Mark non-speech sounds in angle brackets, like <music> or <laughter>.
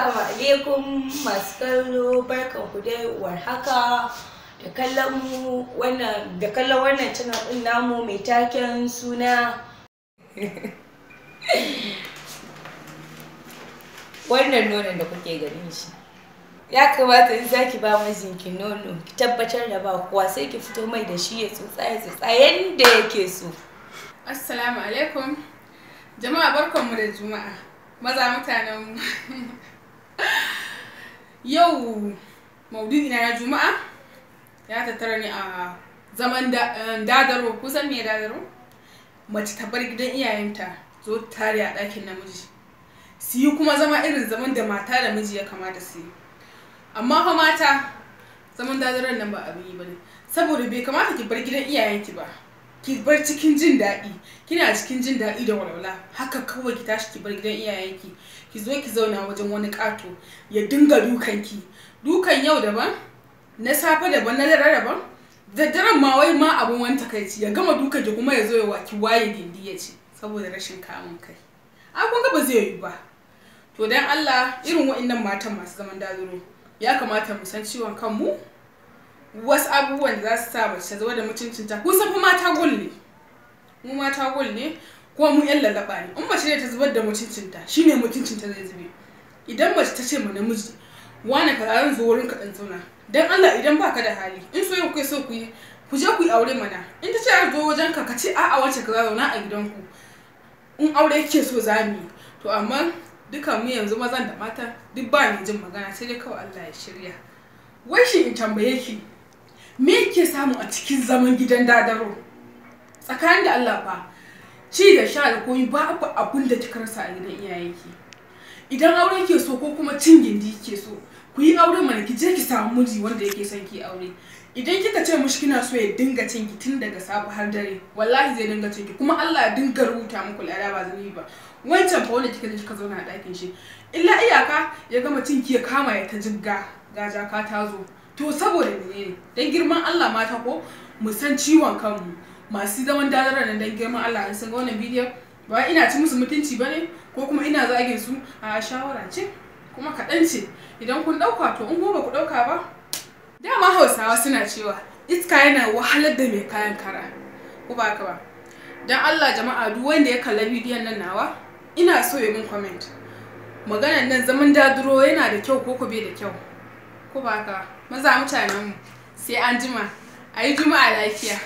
Assalamu alaikum masu kallo barkan ku dai war haka da kallon mu wannan da kallon wannan channel namu mai taken suna <laughs> wannan nonon da kuke ganin shi ya kamata in zaki ba mijinki nono ki tabbatar da ba kuwa, sai ki fito mai da shi ya tsutsa ya tsutsa yanda yake so assalamu alaikum jama'a barkanmu da juma'a maza mutanen mu <laughs> yau Maududi na juma'a ya tattara ne a zaman eh, dadaro kusan me dadaro mace ta bar gidan iyayenta zo tare a ɗakin namiji su yi kuma zama irin zaman da mata da miji ya kamata su yi amma fa mata zaman dadaron nan ba abin yi ba ne saboda bai kamata ki bar gidan iyayenki ba ki bar cikin jin daɗi kina cikin jin daɗi da walwala haka kawai ki tashi ki bar gidan iyayenki ki zo ki zauna wajen wani ƙato ya dinga dukan ki dukan yau daban na safe daban na dare daban daddaren ma wai ma abin wani takaici ya gama dukan ki kuma ya zo ya ki waye gindi ya ce saboda rashin kamun kai a kun ga ba zai yi ba to dan Allah irin waɗannan matan masu zaman dazuro ya kamata mu san ciwon kanmu wasu abubuwan da za su sa mace ta zama da mutuncinta kun san mata gul ne mu mata gul ne kuma mu yan lalaba ne in mace ta zubar da mutuncinta shine mutuncinta zai zube idan mace ta ce ma namiji wani ka zan zo wurin ka dan zauna dan Allah idan baka da hali in so yau kai so ku yi ku je ku yi aure mana in ta ce a zo wajen ka ka ce a'a wace ka zauna a gidan ku. in aure yake so za mu yi to amma duka mu yanzu mazan da mata duk ba ni jin magana sai dai kawai Allah ya shirya wai shi in tambaye ki kike samu a cikin zaman gidan dadaro tsakanin da Allah fa ci da sha da koyi ba abun da kika rasa a gidan iyayenki idan aure ke so ko kuma cin gindi ke so ku yi aure mana ki je ki samu miji wanda yake son ki aure idan kika ce mishi kina so ya dinga cin ki tun daga safe har dare wallahi zai dinga cin ki kuma Allah ya dinga rubuta muku lada ba zai ba wancan fa wanda kika je kika zauna a ɗakin shi illa iyaka ya gama cin ki ya kama ya ta jigga gaja ka ta zo to saboda ne, dan girman Allah mata ko mu san ciwon kanmu masu zaman dalaran nan dan girman Allah an san ga wannan bidiyon ba ina ci musu mutunci bane ko kuma ina zage su a shawara ce kuma kaɗan ce idan kun ɗauka to in ba ku ɗauka ba dama hausawa suna cewa iska yana wahalar da mai kayan kara ko ba haka ba don allah jama'a duk wanda ya kalla bidiyon nan nawa ina so ya min comment maganar nan zaman daduro yana da kyau ko ko bai da kyau ko ba haka maza mutanenmu sai an jima a yi juma'a lafiya